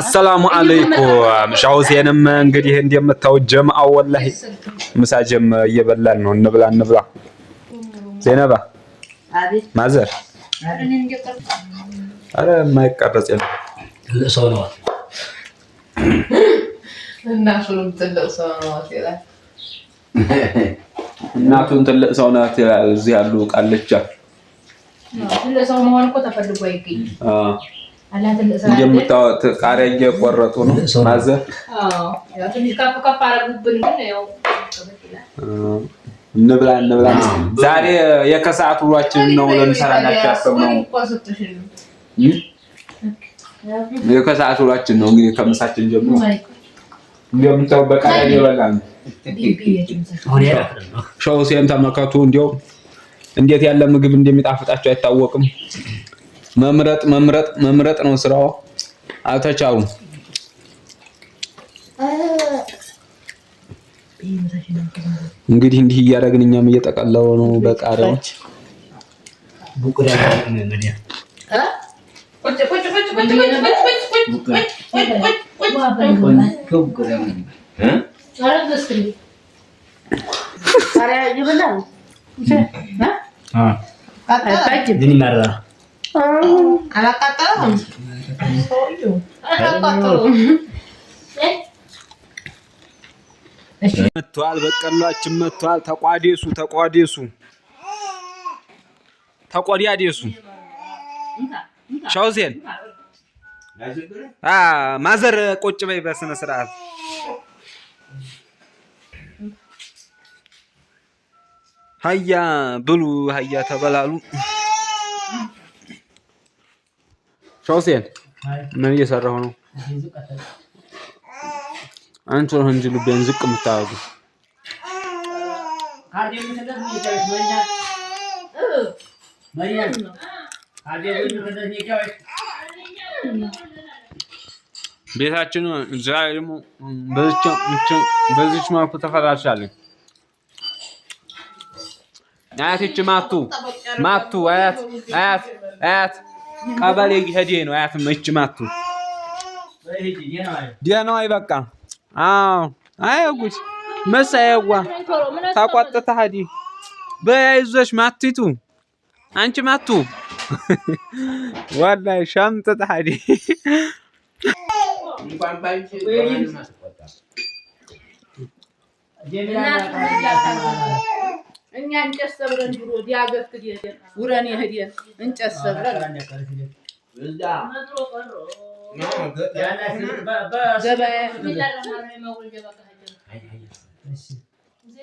አሰላሙ አለይኩም ሻውሴንም እንግዲህ እንደምታዩት ጀምአው ወላሂ ምሳ ጀም እየበላን ነው። እንብላ እንብላ። ዜነባ ማዘር አረ የማይቀረጽ የለም ሰው ነው እናቱን ትልቅ ሰው ናት ይላል እዚህ ያሉ ቃልቻ ትልቅ መሆን እኮ ተፈልጎ አይገኝም። እንደምታወት ቃሪያ እየቆረጡ ነው ማዘር። እንብላ እንብላ። ዛሬ የከሰዓት ውሏችንን ነው ለምሰራናቸው ያሰብነው የከሰዓት ውሏችን ነው እንግዲህ ከምሳችን ጀምሮ እንደምታወት በቃሪያ እየበላን ነው። ሸውሴን ተመከቱ እንዲያው እንዴት ያለ ምግብ እንደሚጣፍጣቸው አይታወቅም። መምረጥ መምረጥ መምረጥ ነው ስራው። አልተቻሉም። እንግዲህ እንዲህ እያደረግን እኛም እየጠቀለው ነው። በቃ Ah. Eh? መጥቷል። በቀሏችን መጥቷል። ተቋዴሱ ተቋዴሱ ተቆዲያዴሱ ሻውዜን ማዘር ቆጭ በይ በስነ ስርዓት ሀያ ብሉ ሀያ ተበላሉ። ሸውሴን ምን እየሰራሁ ነው? አንቺ ነው እንጂ ልቤን ዝቅ የምታደርጉ ቤታችን ዛሬ ደግሞ በዚች ማኩ ተፈራርሻለች። አያት እች ማቱ ማቱ አያት አያት አያት ቀበሌ ሄዴ ነው አያት እች ማቱ ደህና ዋይ በቃ አዎ አያጉት መሳያዋ ታቋጥታ ሀዲ በያይዞሽ ማቲቱ አንቺ ማቱ ወላሂ ሸምጥጥ ሀዲ እኛ እንጨት ሰብረን ድሮ ዲያገት ሄደን ውረን ሄደን እንጨት ሰብረን ገበያ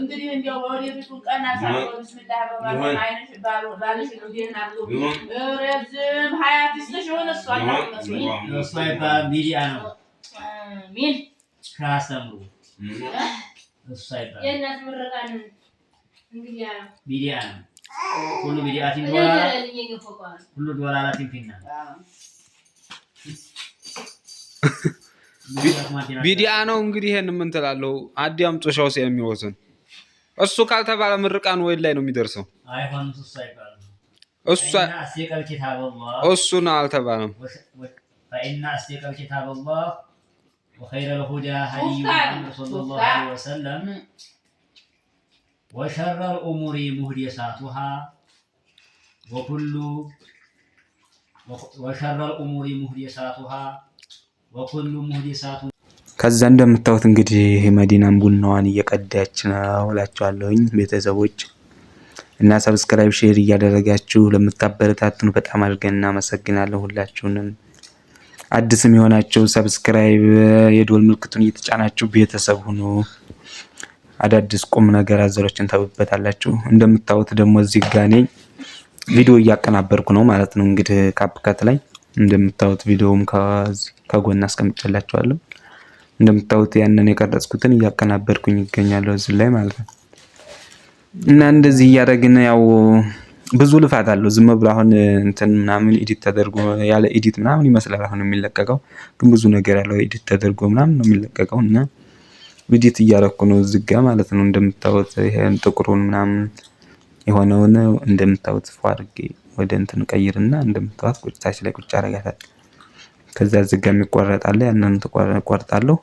እንግዲህ እንዲያው ወደፊቱ ቀና ሳይሆን ብስሚላ በባይነሽ ባልሽ እንዲህን የሆነ እሷ እሷ ይባል ሚዲያ ነው ሚል ከአስተምሩ እሷ ይባል የእናት ምርቃን እንግዲያ ሚዲያ ነው ሁሉ ሚዲያቲን ሁሉ ዶላራቲን ፊና ቢዲያ ነው እንግዲህ ይሄን ምን አዲ አዲያም ጦሻው ሲያም የሚወስን እሱ ካልተባለ ምርቃን ወይን ላይ ነው የሚደርሰው። እሱ አልተባለም። ወሸረል ኡሙሪ ሙህደሳቱሃ ወኩሉ ወሸረል ኡሙሪ ሙህደሳቱሃ ከዛ እንደምታዩት እንግዲህ መዲናም ቡናዋን እየቀዳች ነው እላችኋለሁኝ ቤተሰቦች እና ሰብስክራይብ፣ ሼር እያደረጋችሁ ለምታበረታቱን በጣም አድርገን እናመሰግናለን ሁላችሁንም። አዲስም የሆናችሁ ሰብስክራይብ፣ የዶል ምልክቱን እየተጫናችሁ ቤተሰብ ሁኑ። አዳዲስ ቁም ነገር አዘሎችን ታዩበታላችሁ። እንደምታዩት ደግሞ እዚህ ጋኔ ቪዲዮ እያቀናበርኩ ነው ማለት ነው እንግዲህ ካፕካት ላይ እንደምታዩት ቪዲዮውም ከጎን አስቀምጬላችኋለሁ። እንደምታዩት ያንን የቀረጽኩትን እያቀናበርኩኝ ይገኛለሁ እዚህ ላይ ማለት ነው። እና እንደዚህ እያደረግን ያው ብዙ ልፋት አለው። ዝም ብሎ አሁን እንትን ምናምን ኢዲት ተደርጎ ያለ ኤዲት ምናምን ይመስላል አሁን የሚለቀቀው፣ ግን ብዙ ነገር ያለው ኢዲት ተደርጎ ምናምን ነው የሚለቀቀው። እና ኢዲት እያደረኩ ነው እዚህ ጋ ማለት ነው። እንደምታዩት ይሄን ጥቁሩን ምናምን የሆነውን እንደምታዩት ፏርጌ ወደ እንትን ቀይርና እንደምትዋት ቁጭታች ላይ ቁጭ አረጋታል። ከዛ እዚህ የሚቆረጣለ ያንን ቆርጣለሁ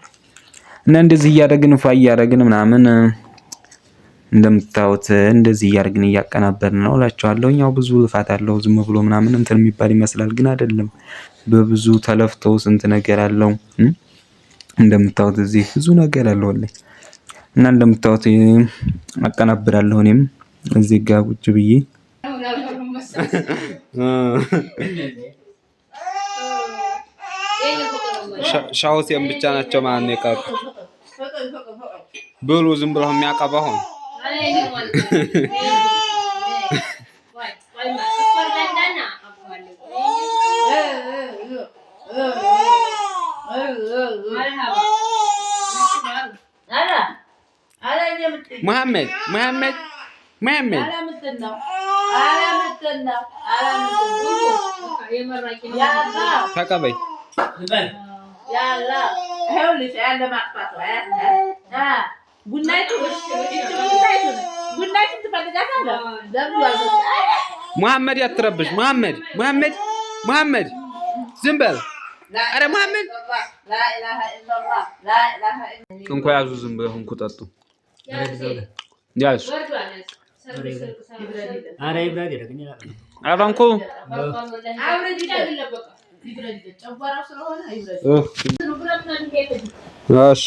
እና እንደዚህ እያደረግን ፋ እያደረግን ምናምን እንደምታዩት እንደዚህ እያደረግን እያቀናበርን ነው እላቸዋለሁ። ያው ብዙ ልፋት አለው ዝም ብሎ ምናምን እንትን የሚባል ይመስላል፣ ግን አይደለም። በብዙ ተለፍቶ ስንት ነገር አለው። እንደምታዩት እዚህ ብዙ ነገር አለው እና እንደምታዩት አቀናብራለሁ እኔም እዚህ ጋር ቁጭ ብዬ ሻውሴን ብቻ ናቸው ማለት ነው የቀሩት። ብሉ ዝም ብሎ የሚያቀባ ሆነ መሐመድ መሐመድ መሐመድ ተቀበይ መሐመድ ያትረብሽ መሐመድ መሐመድ መሐመድ ዝም በል ኧረ መሐመድ እንኳ ያዙ ዝም ብለው ጠጡ አልሆንኩም። እሺ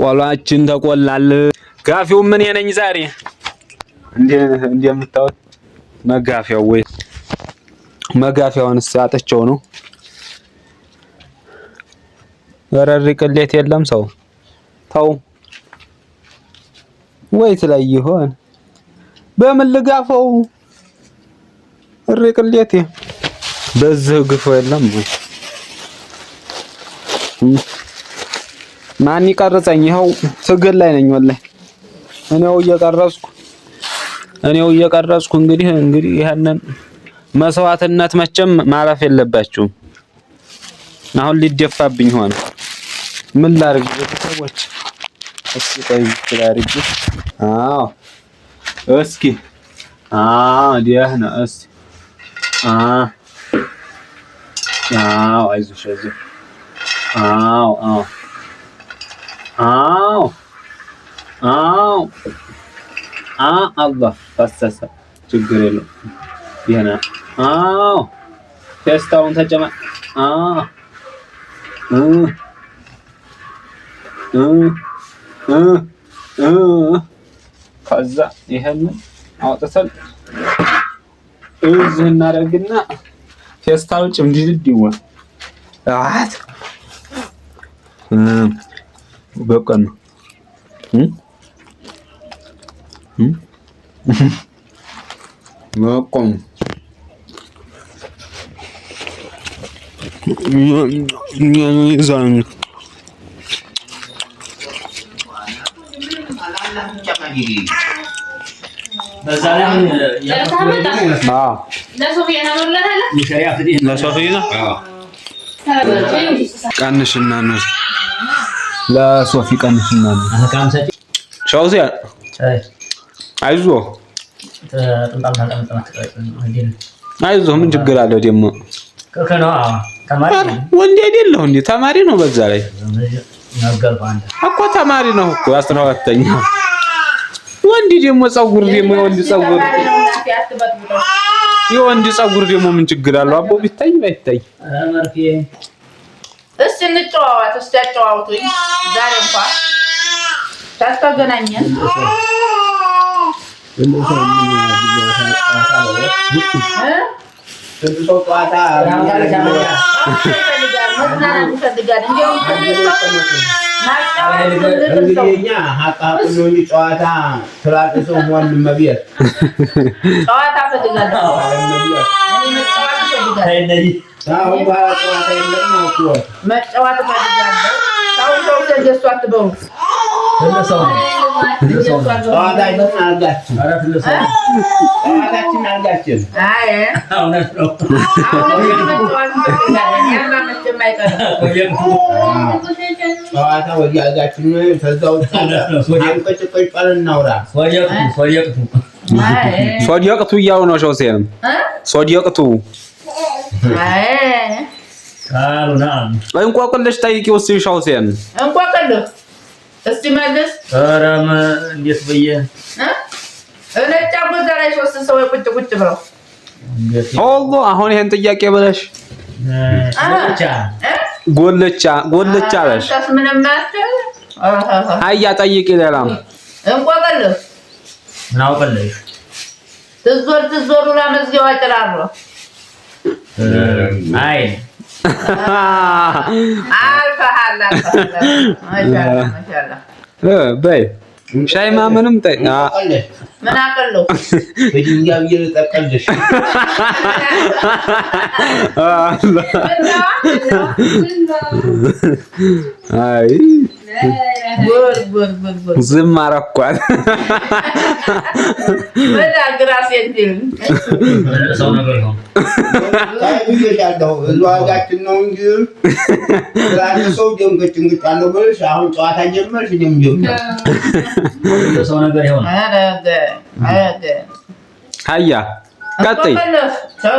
ቆሏችን ተቆላል። ጋፊው ምን የነኝ ዛሬ እንዴ መጋፊያው ወይ መጋፊያውን አጥቼው ነው። በረሪ ቅሌት የለም ሰው ተው ወይ ትለይ ይሆን በምን ልጋፈው እሪ ቅሌቴ በዚህ ግፎ የለም ወይ ማን ይቀርጸኝ? ይኸው ትግል ላይ ነኝ ወላሂ እኔው እየቀረጽኩ እኔው እየቀረጽኩ እንግዲህ እንግዲህ ይሄንን መስዋዕትነት መቼም ማለፍ የለባችሁም። አሁን ሊደፋብኝ ሆነ። ምን ላድርግ ቤተሰቦች? እስኪ ቆይ ላድርግ። አዎ እስኪ አዎ ደህና እስኪ አዎ አይዞሽ አይዞሽ አዎ አዎ አዎ አዎ አ አላህ ፈሰሰ ችግር የለውም ደህና አዎ ቴስታውን ተጨማ አዎ ከዛ ይሄንን አውጥተን እዚህ እናደርግና ቴስታው ጭምድድ ይወል አት በቃ ነው። መቆም ይዛኝ ቀንሽና ነው ለሶፊ ቀንሽና ነው። አይዞ ምን ችግር አለው ደግሞ ወንድ አይደለሁ እንዴ? ተማሪ ነው። በዛ ላይ እኮ ተማሪ ነው እኮ አስራ ሁለተኛ የወንድ ደግሞ ፀጉር ደግሞ የወንድ ፀጉር የወንድ ፀጉር ደግሞ ምን ችግር አለው? አቦ ቢታይ ባይታይ እስኪ እንጨዋወት። እስኪ አጨዋውቱኝ። ዛሬ እንኳን ታስተገናኘን እ እንግዲህ መጫወት ፈልጋለሁ። ሰው ሰው እንደሱ አትበሩ። ሶዲቅቱ እያሉ ነው። ሸውሴንም ሶዲቅቱ እንቆቅልሽ ጠይቂው እስኪ ሸውሴን እስቲ መልስ። ኧረ እንዴት ብዬ እነጫ ጎዛ ላይ ሶስት ሰው ቁጭ ቁጭ ብለው አላህ አሁን ይሄን ጥያቄ ብለሽ ጎልቻ ጎልቻ አለሽ አያ ጠይቂ ሌላም እንቆቅልሽ ምን አውቅልሽ ትዞር ትዞሩ አይ በይ ሻይ ማመንም ምን ዝም አረኳል። በጣም ግራ ሲያስብል ዋጋችን ነው እንጂ ሰው ደንገጭ እንግጭ አለው ብለሽ አሁን ጨዋታ ጀመርሽ። ሰው ነገር ይሆን ሀያ ቀጥይ ሰው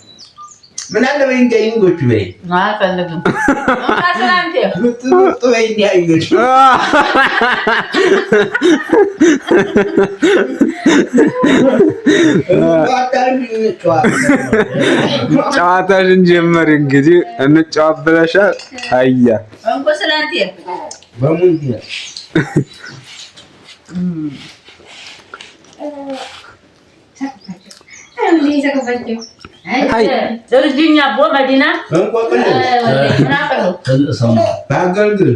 ምን አለ በይ እንጂ አይንጎቹ በይ ጨዋታሽን ጀመሪ እንግዲህ እንጫወት ብለሻል። አያ እንኮ እርጅኛ ቦ መዲና ታገልግል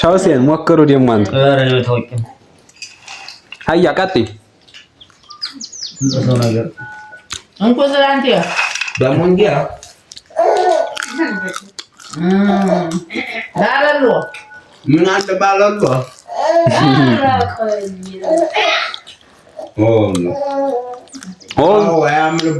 ሻውሴን ሞክሩ ደግሞ አንተ አያ ቀጥይ ነገር ምን አለ ባለሏ አያምርብህም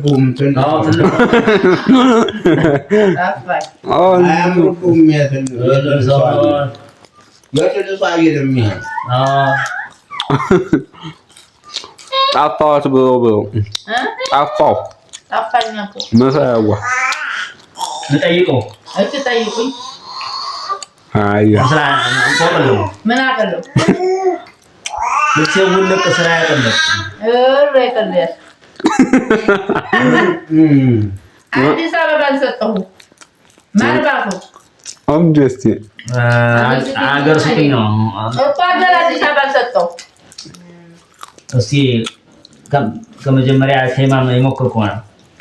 ጠፋኋት ብሎ ብሎ ጠፋሁ መሰያዋ ነው አዲስ አበባ አልሰጠሁም። ከመጀመሪያ ቴማ የሞክር ከሆነ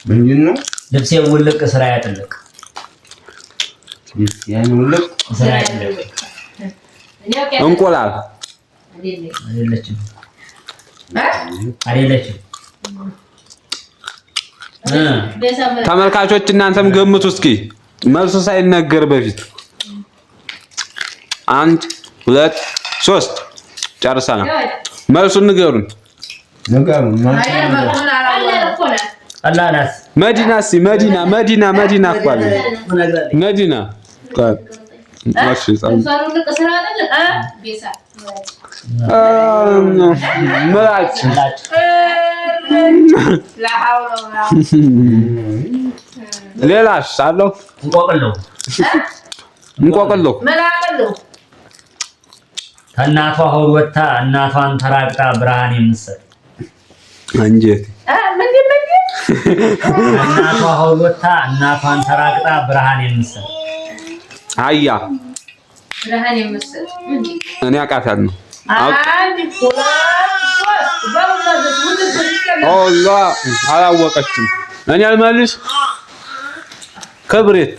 ምንድን ነው ልብሴ ውልቅ ስራ ያጥልቅ እንቁላል አይደለችም አይደለችም። ተመልካቾች እናንተም ገምቱ እስኪ መልሱ ሳይነገር በፊት አንድ ሁለት ሶስት ጨርሰናል። መልሱን ንገሩን። መዲና እስኪ መዲና መዲና መዲና እኮ አለ መዲና ሌላስ አለው እንቆቅሎ ከእናቷ ሆድ ወጥታ እናቷን ተራቅጣ ብርሃን የምትሰጥ አንጀት እናቷ ሆሎታ እናቷን ተራቅጣ ብርሃን የምትሰጥ አያ ብርሃን የምትሰጥ እኔ አውቃታለሁ። አላህ አላወቀችም። እኔ አልመልስ ክብሬት